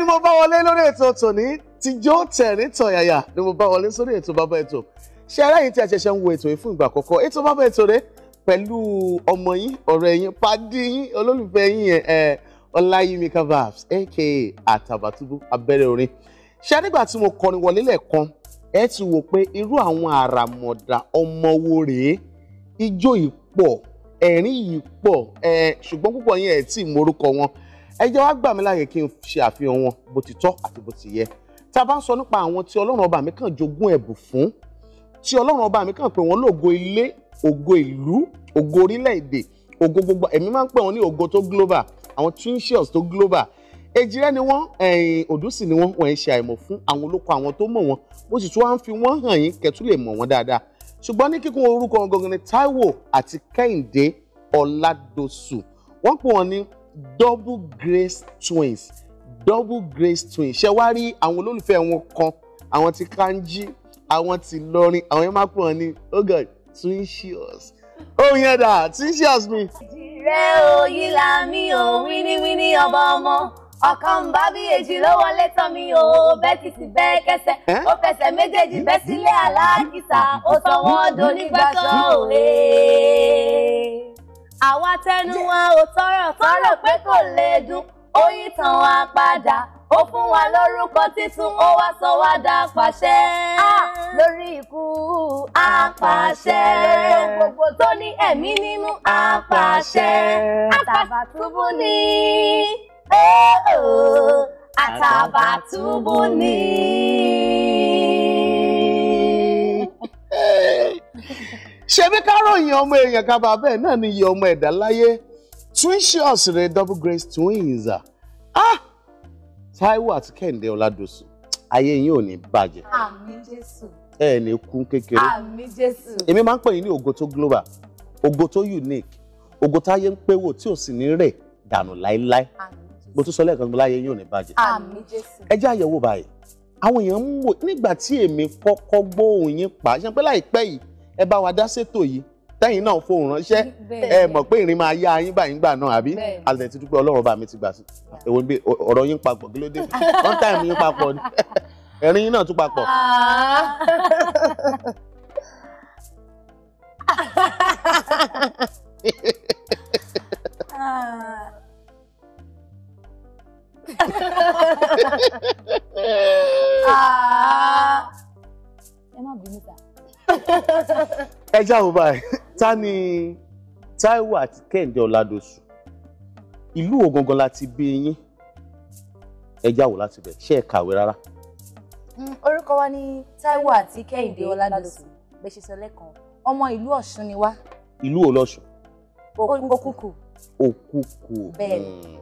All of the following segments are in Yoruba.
ni mo bá wọlé lórí ètò tòní tijó tẹ̀rín tọ̀yàyà ni mo bá wọlé sórí ètò bàbá ètò ṣe aráyìn tí a ṣẹ̀ṣẹ̀ ń wo ètò yìí fún ìgbà àkọ́kọ́ ètò bàbá ètò rẹ pẹ̀lú ọmọ yín ọ̀rẹ́ yín pàdé yín olólùfẹ́ yín yẹn ẹ̀ ọláyímíkà vibes aka àtàbàtúbú abẹ́rẹ́ orin ṣe nígbà tí mo kọrin wọlé lẹ́ẹ̀kan ẹ ti wò pé irú àwọn àràmọ̀dà ọmọ rèé ijó yìí pọ̀ ẹ̀rín yìí pọ̀ ẹ̀ ṣùgbọ́n púpọ̀ yẹn ẹ̀ tí morúkọ wọn ẹ jẹ́ wá gbà mí láàyè kí n ṣe àfihàn wọn bó ti tọ́ àti bó ti yẹ tá a bá ń sọ nípa àwọn tí ọlọ́run ọba mi kàn jogún ẹ̀bùn fún tí ọlọ́run ọba mi kàn pé wọ́n lógo ilé ògo ìlú ògo orílẹ̀-èdè ògo gbogbo èmi máa ń pè wọ́n ní ògo tó global àwọn twinsios tó global èjìrẹ́ ni wọ́n ẹ̀yìn òdùsì ni wọ́n wọ̀nyí ṣe àìmọ̀ fún àwọn olóko àwọn tó mọ̀ wọ́n mo sì tún wá ń fi wọ́n hàn yín kẹ́tù lè mọ̀ wọ́n dáadáa ṣùgbọ́n ní kíkún orúkọ gangan ni Táíwò àti Kẹ́hìndé Ọládọ̀sù wọ́n pè wọ́n ní double grace twins double grace twins ṣe wá rí àwọn olólùfẹ́ wọn kan àwọn ti kanji àwọn ti lọrin àwọn yẹn máa pè wọn ní oh god twinsios ohun yẹn dà twinsios mi. ìjìrẹ́ òyìn là mí ò wíníwíní ọba ọmọ ọkàn bá èjì ló wọlé tán mi ò bẹ́ẹ̀ ti ti bẹ́ẹ̀ kẹsẹ̀ ó fẹsẹ̀ méjèèjì bẹ́ sílé aláàkísà ó sọ wọ́n donígbàsọ́ òwe àwa tẹnu wa ò tọrọ tọrọ pé kò lè dùn ó yí tàn wá padà ó fún wa lórúkọ títún ó wá sọ wá dá pàṣẹ lórí ikú àpàṣẹ gbogbo tó ní ẹ̀mí nínú àpàṣẹ Àtàbàtúbú ni Àtàbàtúbú ni. Hey. ṣebí káròyìn ọmọ èèyàn kaba bẹ́ẹ̀ náà ni iye ọmọ ẹ̀dá láyé twinsius rẹ double grace twins ah Táíwò àti Kẹ́hìndé Ọládòsùn ayé yín ò ní bàjẹ́ àmín Jésù ẹ ní kú kékeré àmín Jésù èmi máa ń pè yín ní ògo tó global ògo tó unique ògo táyé ń pé wò tí ò sì ní rẹ̀ dànù láéláé mo tún sọ lẹ́ẹ̀kan gbọ́n láyé yín ò ní bàjẹ́ àmín Jésù ẹ jẹ́ àyẹ̀wò báyìí àwọn èèyàn ń wò nígbà tí èmi kọ́kọ́ gbóhùn yín pa pé láìpẹ́ yìí ẹ bá wa dá ṣètò yìí tẹ́yìn náà fohùn ránṣẹ́ ẹ mọ̀ pé ìrìn máa yá yín báyìí gbà náà àbí alẹ́ ti dúpẹ́ ọlọ́run bá mi ti gbà sí èwo bí ọ̀rọ̀ yín papọ̀ kí ló dé one time yín papọ̀ ẹ̀rín yín náà tún papọ̀. Ah. já o báyìí ta ni Táíwò àti Kẹ́hìndé Ọládòsù ìlú ògangan láti bí yín ẹ jáwò láti bẹ̀ ṣé ẹ kàwé rárá. Hmm, orúkọ wa ni Táíwò àti Kẹ́hìndé Ọládòsù gbèsè sọ lẹ́kàn ọmọ ìlú Ọ̀ṣun ni wá. ìlú wo lọ́ṣun. òkùkù. òkùkù. Hmm. bẹ́ẹ̀ni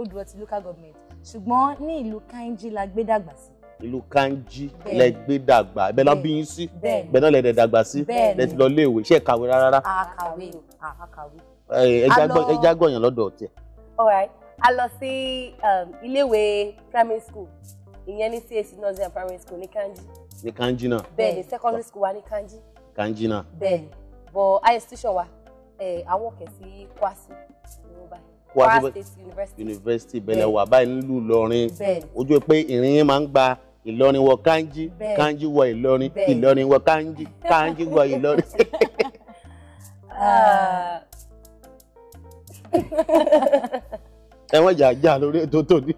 odò ọtí local government ṣùgbọ́n ní ìlú kainji la gbé dàgbà sí ìlú kanji lẹ gbé dàgbà ibẹ̀ náà bí yín sí ibẹ̀ náà lẹ dẹ̀ dàgbà sí lẹ ti lọ léèwé ṣé ẹ kàwé rárá. àkàwé àkàwé. ẹ jágbọ́ yàn lọ́dọ̀ ọ̀tẹ̀. a lọ sí um, iléèwé primary school ìyẹn ní CAC nursery primary school ní kanji. ní kanji náà. bẹ́ẹ̀ni secondary school wa ní kanji. kanji náà. bẹ́ẹ̀ni but high institution wa àwọn kẹ̀ sí kwasi ní university university wà báyìí nílùú Ìlọrin ojú pé ìrìn yín máa ń gba ìlọrin wọ kanji kanji wọ ìlọrin ìlọrin wọ kanji kanji wọ ìlọrin. ẹ wọ́n jà jà lórí ètò tòní.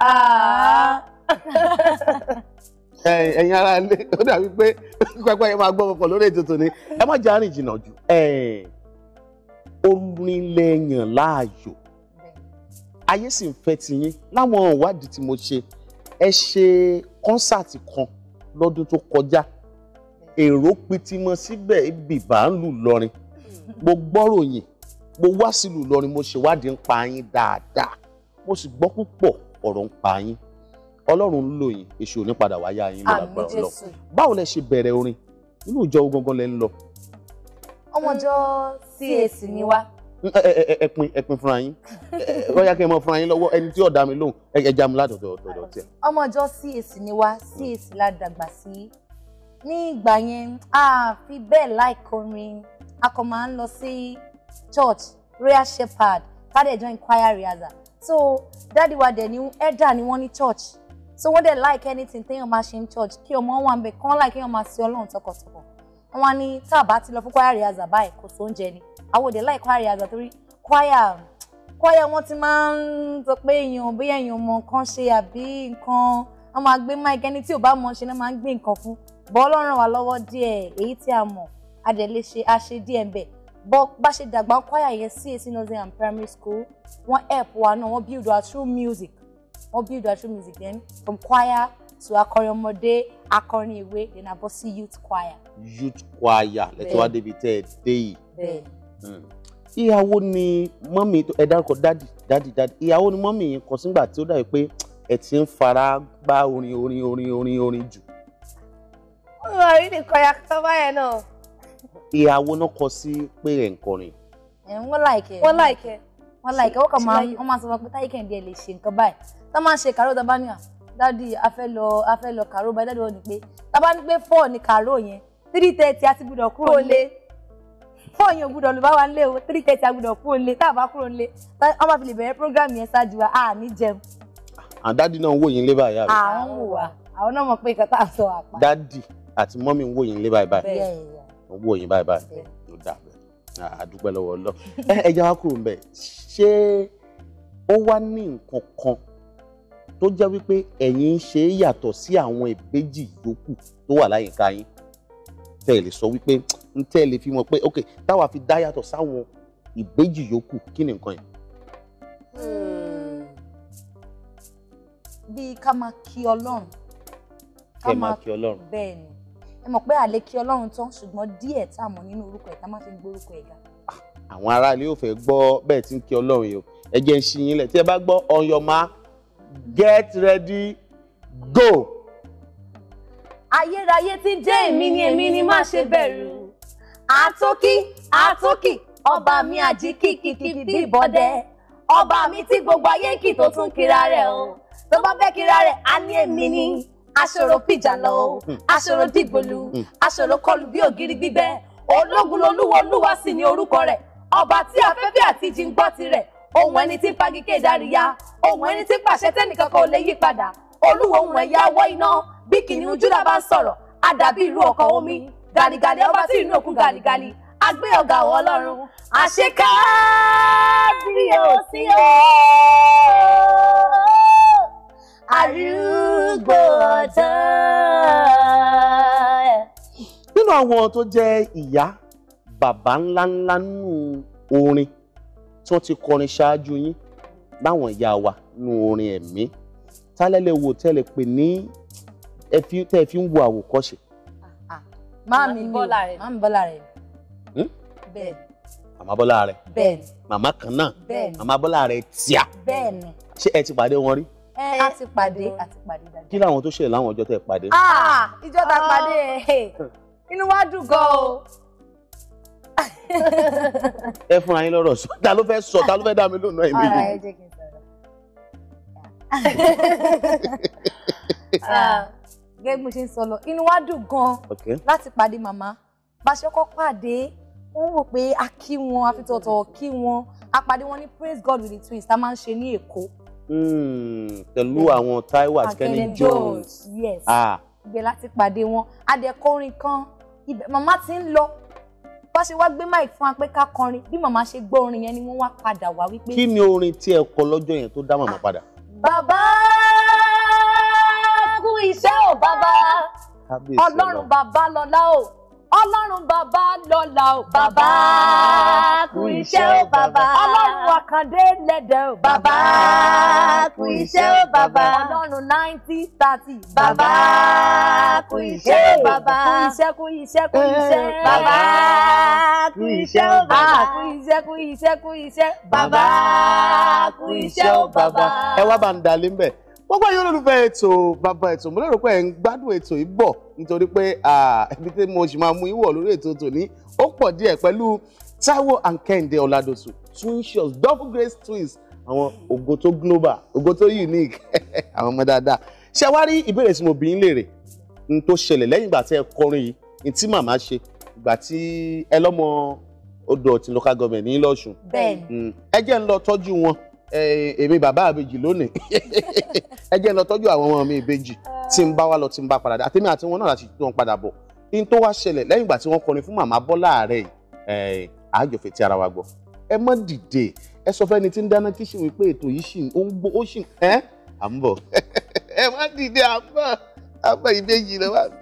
Ah. ẹ̀yin ara ilé ó dàbí pé pẹ́pẹ́ yẹn máa gbọ́ pọ̀ lórí ètò tòní ẹ má jà rìn jìnnà jù. orin lẹ́yìn láàyò ayé sì ń fẹ́ ti yín láwọn ìwádìí tí mo ṣe ẹ ṣe kọ́nsáàtì kan lọ́dún tó kọjá èrò pitimọ síbẹ̀ ibì bá ń lù lọrin mo gbọ́ròyìn mo wá sílùú lọrin mo ṣèwádìí ń pa yín dáadáa mo sì gbọ́ púpọ̀ ọ̀rọ̀ ń pa yín ọlọ́run ń lò yín èṣù ò ní padà wá yá yín lọ́la gbọ́dọ̀ lọ báwo lẹ ṣe bẹ̀rẹ̀ orin inú ìjọ ogangan lẹ ń lọ. ọmọ ìjọ CAC ni wá ẹpin ẹpin fúnra yín lọ́yà kí ẹ mọ fúnra yín lọ́wọ́ ẹni tí ó dá mi lóhùn ẹ já mi ládọ̀dọ̀ ọ̀dọ̀ tiẹ̀. ọmọ ọjọ́ ni wá CAC la sí ní ìgbà yẹn a fi bẹ́ẹ̀ láìkọ orin a máa ń lọ sí church royal shepherd father, join choir rehearsal so dáàdi wa dẹ̀ ni elder ni wọ́n ní church so wọ́n dẹ̀ like anything téèyàn máa ṣe ní church kí ọmọ wọn wà ń bẹ̀ kán láì kéèyàn máa sin ọlọ́run tọkàntọkàn wọ́n ní tá a bá ti lọ fún kwaya rehearsal báyìí kò sóúnjẹ ni àwọn òde láì kwaya rehearsal torí kwaya kwaya wọ́n ti máa ń sọ pé èèyàn bóyá èèyàn mọ nǹkan ṣe àbí nǹkan wọ́n máa gbé máìkì ẹni tí ò bá mọ ṣe náà máa ń gbé nǹkan fún bọ́ ọlọ́run wà lọ́wọ́ díẹ̀ èyí tí a mọ̀ a dẹ̀ lè ṣe a ṣe díẹ̀ ńbẹ̀ bọ́ bá ṣe dàgbà kwaya yẹn CAC nursing and primary school wọ́n help wa náà wọ́n build our true music wọ́n build our true music then from kwaya so akọrin akọrin ìwé then a youth choir. youth choir lẹ́tọ́ wá débi tẹ́ ẹ dé yìí. bẹ́ẹ̀ hmm. ìyàwó ni mọ́mì ẹ dárúkọ dádì dádì dádì ìyàwó ni mọ́mì yẹn kọ sígbà tí ó dàbí pé ẹ ti ń fara gbá orin orin orin orin orin jù. ó lọ rí nìkan ya tó báyẹn náà. ìyàwó náà kọ sí pé ẹ̀ ń kọrin. ẹ̀ ń wọ́n láìkẹ́. wọ́n láìkẹ́. wọ́n láìkẹ́ wọ́n kàn máa wọ́n máa sọ fún pé táyé kẹ́hìndé ẹ̀ lè ṣe nǹkan báyìí tá máa ṣe kàró dádì afẹ́lọ afẹ́lọ kàró báyìí dádì wọn ni pé tábà ní pé four ni kàró yẹn three thirty a ti gbúdọ̀ kúrò lé four yẹn ò gbúdọ̀ ló bá wa lé o three thirty a gbúdọ̀ kúrò lé tá a bá kúrò lé wọ́n máa fi lè bẹ̀rẹ̀ program yẹn ṣáájú wa a ní jẹun. àdádì náà ń wò yín lé báyìí àbí. àwọn wò wá àwọn náà mọ̀ pé nǹkan tá a sọ àpá. dádì àti mọ́mí ń wò yín lé báyìí báyìí ń wò yín báyìí báyìí ló dà bẹ́ẹ̀ àdúpẹ́ lọ́wọ́ ọlọ́ ẹ jẹ́ wá kúrò ń bẹ̀ ṣé ó wá ní tó jẹ́ wípé ẹ̀yin ń ṣe é yàtọ̀ sí àwọn ìbejì yòókù tó wà láyìíká yín tẹ́ ẹ lè sọ wípé ń tẹ́ ẹ lè fi mọ̀ pé ok táwa fi dá yàtọ̀ sáwọn ìbejì yòókù kí ni nǹkan yẹn. Hmm. bíi ká máa kí ọlọ́run ká máa kí ọlọ́run bẹ́ẹ̀ ni ẹ mọ̀ pé àlè kí ọlọ́run tán ṣùgbọ́n díẹ̀ tá a mọ̀ nínú orúkọ ẹ̀ tá a máa fi ń gbórúkọ ẹ̀ ga. Ah, àwọn aráalé ò fẹ́ gbọ́ bẹ́ẹ̀ tí ń kí ọlọ́run yìí o ẹ jẹ́ ń ṣí lẹ̀ tí ẹ bá gbọ́ ọyọ̀má get ready go. ayérayé tí ń jẹ́ èmi ni èmi ni má ṣe bẹ̀rù àtòkì àtòkì ọba mi àjíkìkìkì bí ìbọdẹ ọba mi tí gbogbo ayé kì tó tún kira rẹ̀ o tó bá fẹ́ kira rẹ̀ á ní èmi ni aṣòro fìjàlọ o hmm. aṣòro dìgbòlù hmm. aṣòro kọlù bí ògiri gbígbẹ ológun olúwo olúwa sì ni orúkọ rẹ̀ ọba tí afẹ́fẹ́ àti ijì ń gbọ́ ohun ẹni tí fagike dáríyá ohun ẹni tí pàṣẹ tẹnìkan kan ò lè yí padà olúwo ohun ẹ̀yà wọ́ iná bí kìnìún Júdà bá ń sọ̀rọ̀ àdàbí ìlú ọkọ̀ omi gàlìgàlì ọba tí ìrìn òkun gàlìgàlì agbé ọ̀gá ọ̀ ọlọ́run àṣeká bí o sí o nínú àwọn tó jẹ́ ìyá bàbá ńláńlá nù orin tí wọ́n ti kọrin ṣáájú yín báwọn ìyá wa nu orin ẹ̀mí tálẹ́lẹ̀ wo tẹ́lẹ̀ pé ní ẹ fi tẹ́ ẹ fi ń wo àwòkọ́ṣe. Ah, ah. máàmì bọ́lá rẹ̀ máàmì bọ́lá rẹ̀ hmm? bẹ́ẹ̀. màmá bọ́lá rẹ̀ bẹ́ẹ̀ màmá kan náà bẹ́ẹ̀ màmá bọ́lá rẹ̀ tíà bẹ́ẹ̀ ni. ṣé ẹ ti pàdé wọn rí a ti pàdé a ti pàdé dáadáa. kí làwọn tó ṣẹlẹ̀ láwọn ọjọ́ tẹ́ pàdé. ah tá pàdé ah. inú wa dùn gan o ẹ fún ayé lọ́rọ̀ sọ ta ló fẹ́ sọ ta ló fẹ́ dá mi lónà ẹ̀ méjì. ọ̀rọ̀ ẹ jẹ́ kí n sọ̀rọ̀. Ah, gẹ́gẹ́ bí mo ṣe ń sọ lọ inú wa dùn gan-an láti pàdé màmá bá ṣe kọ́ pàdé wọ́n wò pé a kí wọn a kí wọn a pàdé wọn ní praise God with the twins tá a máa ń ṣe ní Èkó. Hmm, pẹ̀lú àwọn Taiwo àti Kenny Jones. yes ah. ibẹ̀ láti pàdé wọn adẹ́kọrin kan ibẹ̀ màmá ti ń lọ bá ṣe wá gbé mic fún wa pé ká kọrin bí màmá ṣe gbọ́ orin yẹn ni wọ́n wá padà wá wípé. kí ni orin tí ẹ kọ lọ́jọ́ yẹn tó dá màmá padà. bàbá kú iṣẹ́ ò bàbá ọlọ́run bàbá lọ́lá o ọlọ́run bàbá lọ́lá o bàbá kú iṣẹ́ o bàbá ọlọ́run àkàndé lẹ́dẹ̀ o bàbá kú iṣẹ́ o bàbá ọlọ́run náìntì tàtì bàbá kú iṣẹ́ o bàbá kú iṣẹ́ kú iṣẹ́ kú iṣẹ́ bàbá iṣẹ́ o bàbá ah, kú iṣẹ́ kú iṣẹ́ kú iṣẹ́ bàbá kú iṣẹ́ o bàbá. ẹ wá bá ń dalé ń bẹ̀ gbogbo ẹ̀yin olólùfẹ́ ètò bàbá ètò mo lérò pé ẹ̀ ń gbádùn ètò yìí bọ̀ nítorí pé ẹbí tí mo sì máa mú yín lórí ètò tòní ó pọ̀ díẹ̀ pẹ̀lú Táíwò and Kẹ́hìndé Ọládòsù twinshot double grace twins àwọn ògo tó global ògo unique àwọn ọmọ dáadáa ṣe wá rí ìbéèrè tí mo bí ń léèrè n tó ṣẹlẹ̀ lẹ́yìn ìgbà tí ẹ kọrin yìí n tí màmá ṣe ìgbà tí ẹ lọ́mọ odò ọ̀tí local government ní lọ́sùn. bẹ́ẹ̀ mm. ẹ jẹ́ ń lọ tọ́jú wọn èmi bàbá àbejì lónìí ẹ jẹ́ ń lọ tọ́jú àwọn ọmọ mi ìbejì tí ń bá wá lọ tí ń bá padà dé àtẹ́mí àti wọn náà láti tún wọn padà bọ̀ in tó wá ṣẹlẹ̀ lẹ́yìn ìgbà tí wọ́n kọrin fún màmá Bọ́lá Ààrẹ yìí àájọfẹ́ tí ara wa gbọ́ ẹ mọ́ dìde ẹ sọ fẹ́ni tí ń dáná kíṣìn wípé ètò yìí ṣì ń gbó ó ṣì ń ẹ́ ẹ mọ́ dìde à ń bọ̀ à ń bọ̀